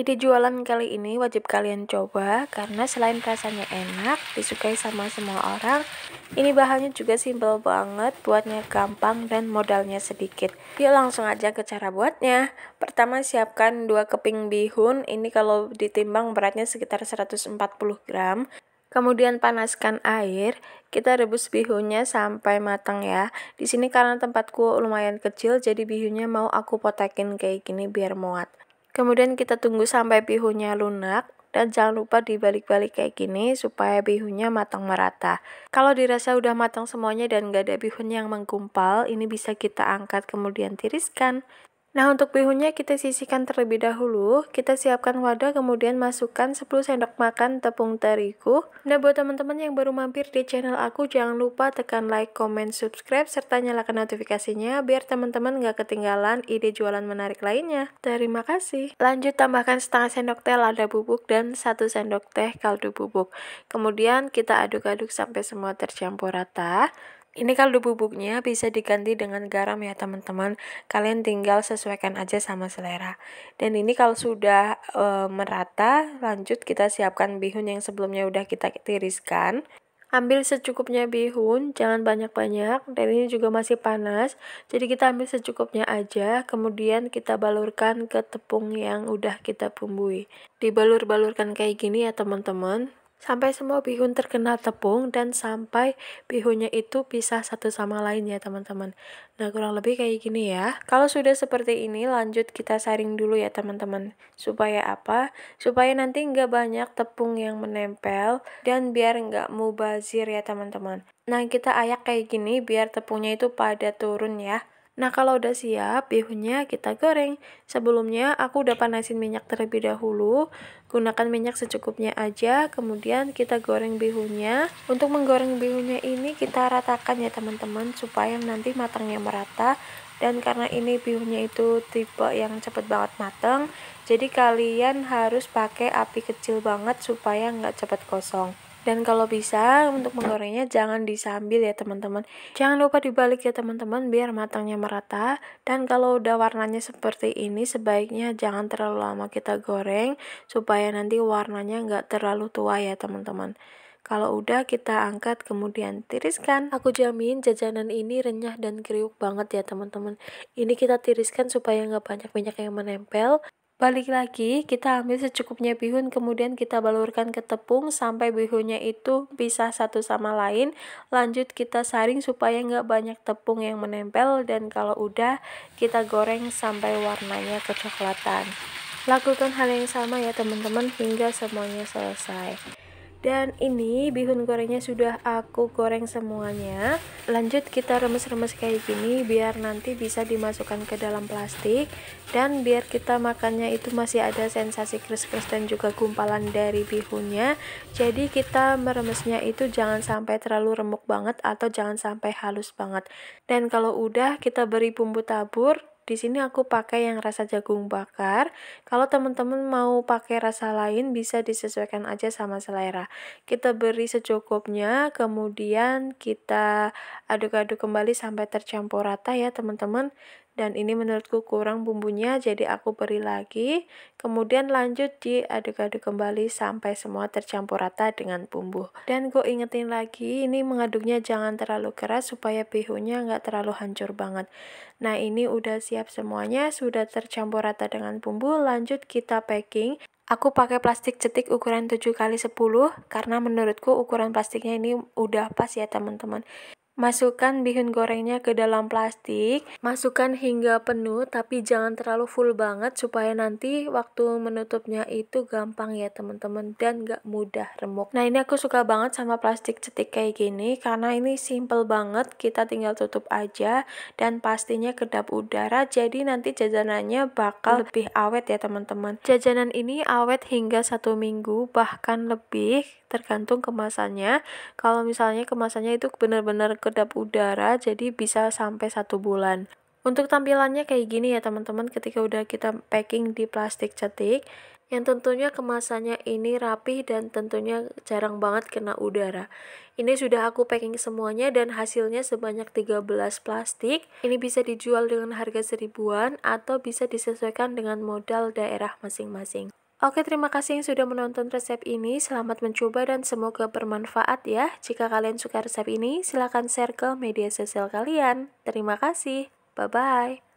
Ide jualan kali ini wajib kalian coba karena selain rasanya enak, disukai sama semua orang, ini bahannya juga simple banget, buatnya gampang dan modalnya sedikit. Yuk langsung aja ke cara buatnya. Pertama siapkan dua keping bihun, ini kalau ditimbang beratnya sekitar 140 gram. Kemudian panaskan air, kita rebus bihunnya sampai matang ya. Di sini karena tempatku lumayan kecil, jadi bihunnya mau aku potekin kayak gini biar muat. Kemudian kita tunggu sampai bihunnya lunak dan jangan lupa dibalik-balik kayak gini supaya bihunnya matang merata. Kalau dirasa udah matang semuanya dan gak ada bihun yang menggumpal, ini bisa kita angkat kemudian tiriskan. Nah, untuk bihunnya kita sisihkan terlebih dahulu. Kita siapkan wadah, kemudian masukkan 10 sendok makan tepung terigu. Nah, buat teman-teman yang baru mampir di channel aku, jangan lupa tekan like, comment, subscribe, serta nyalakan notifikasinya biar teman-teman nggak ketinggalan ide jualan menarik lainnya. Terima kasih. Lanjut, tambahkan setengah sendok teh lada bubuk dan 1 sendok teh kaldu bubuk. Kemudian kita aduk-aduk sampai semua tercampur rata. Ini kaldu bubuknya bisa diganti dengan garam ya teman-teman. Kalian tinggal sesuaikan aja sama selera. Dan ini kalau sudah e, merata, lanjut kita siapkan bihun yang sebelumnya udah kita tiriskan. Ambil secukupnya bihun, jangan banyak-banyak, dan ini juga masih panas. Jadi kita ambil secukupnya aja, kemudian kita balurkan ke tepung yang udah kita bumbui. Dibalur-balurkan kayak gini ya teman-teman sampai semua bihun terkena tepung dan sampai bihunnya itu pisah satu sama lain ya teman-teman nah kurang lebih kayak gini ya kalau sudah seperti ini lanjut kita saring dulu ya teman-teman supaya apa supaya nanti nggak banyak tepung yang menempel dan biar nggak mubazir ya teman-teman nah kita ayak kayak gini biar tepungnya itu pada turun ya Nah, kalau udah siap, bihunnya kita goreng. Sebelumnya, aku udah panasin minyak terlebih dahulu. Gunakan minyak secukupnya aja, kemudian kita goreng bihunnya. Untuk menggoreng bihunnya ini, kita ratakan ya teman-teman, supaya nanti matangnya merata. Dan karena ini bihunnya itu tipe yang cepet banget matang, jadi kalian harus pakai api kecil banget supaya nggak cepet kosong. Dan kalau bisa untuk menggorengnya jangan disambil ya teman-teman. Jangan lupa dibalik ya teman-teman biar matangnya merata. Dan kalau udah warnanya seperti ini sebaiknya jangan terlalu lama kita goreng supaya nanti warnanya nggak terlalu tua ya teman-teman. Kalau udah kita angkat kemudian tiriskan. Aku jamin jajanan ini renyah dan kriuk banget ya teman-teman. Ini kita tiriskan supaya nggak banyak minyak yang menempel. Balik lagi, kita ambil secukupnya bihun, kemudian kita balurkan ke tepung sampai bihunnya itu bisa satu sama lain. Lanjut kita saring supaya nggak banyak tepung yang menempel dan kalau udah kita goreng sampai warnanya kecoklatan. Lakukan hal yang sama ya teman-teman hingga semuanya selesai. Dan ini bihun gorengnya sudah aku goreng semuanya. Lanjut kita remes-remes kayak gini biar nanti bisa dimasukkan ke dalam plastik dan biar kita makannya itu masih ada sensasi kris-kris dan juga gumpalan dari bihunnya. Jadi kita meremesnya itu jangan sampai terlalu remuk banget atau jangan sampai halus banget. Dan kalau udah kita beri bumbu tabur di sini aku pakai yang rasa jagung bakar. Kalau teman-teman mau pakai rasa lain bisa disesuaikan aja sama selera. Kita beri secukupnya, kemudian kita aduk-aduk kembali sampai tercampur rata ya teman-teman dan ini menurutku kurang bumbunya jadi aku beri lagi kemudian lanjut diaduk-aduk kembali sampai semua tercampur rata dengan bumbu dan gue ingetin lagi ini mengaduknya jangan terlalu keras supaya bihunnya nggak terlalu hancur banget nah ini udah siap semuanya sudah tercampur rata dengan bumbu lanjut kita packing Aku pakai plastik cetik ukuran 7 x 10 karena menurutku ukuran plastiknya ini udah pas ya teman-teman. Masukkan bihun gorengnya ke dalam plastik. Masukkan hingga penuh tapi jangan terlalu full banget supaya nanti waktu menutupnya itu gampang ya teman-teman dan gak mudah remuk. Nah ini aku suka banget sama plastik cetik kayak gini karena ini simple banget kita tinggal tutup aja dan pastinya kedap udara jadi nanti jajanannya bakal lebih awet ya teman-teman. Jajanan ini awet hingga satu minggu bahkan lebih tergantung kemasannya kalau misalnya kemasannya itu benar-benar kedap udara jadi bisa sampai satu bulan untuk tampilannya kayak gini ya teman-teman ketika udah kita packing di plastik cetik yang tentunya kemasannya ini rapih dan tentunya jarang banget kena udara. Ini sudah aku packing semuanya dan hasilnya sebanyak 13 plastik. Ini bisa dijual dengan harga seribuan atau bisa disesuaikan dengan modal daerah masing-masing. Oke, terima kasih yang sudah menonton resep ini. Selamat mencoba dan semoga bermanfaat ya. Jika kalian suka resep ini, silahkan share ke media sosial kalian. Terima kasih. Bye-bye.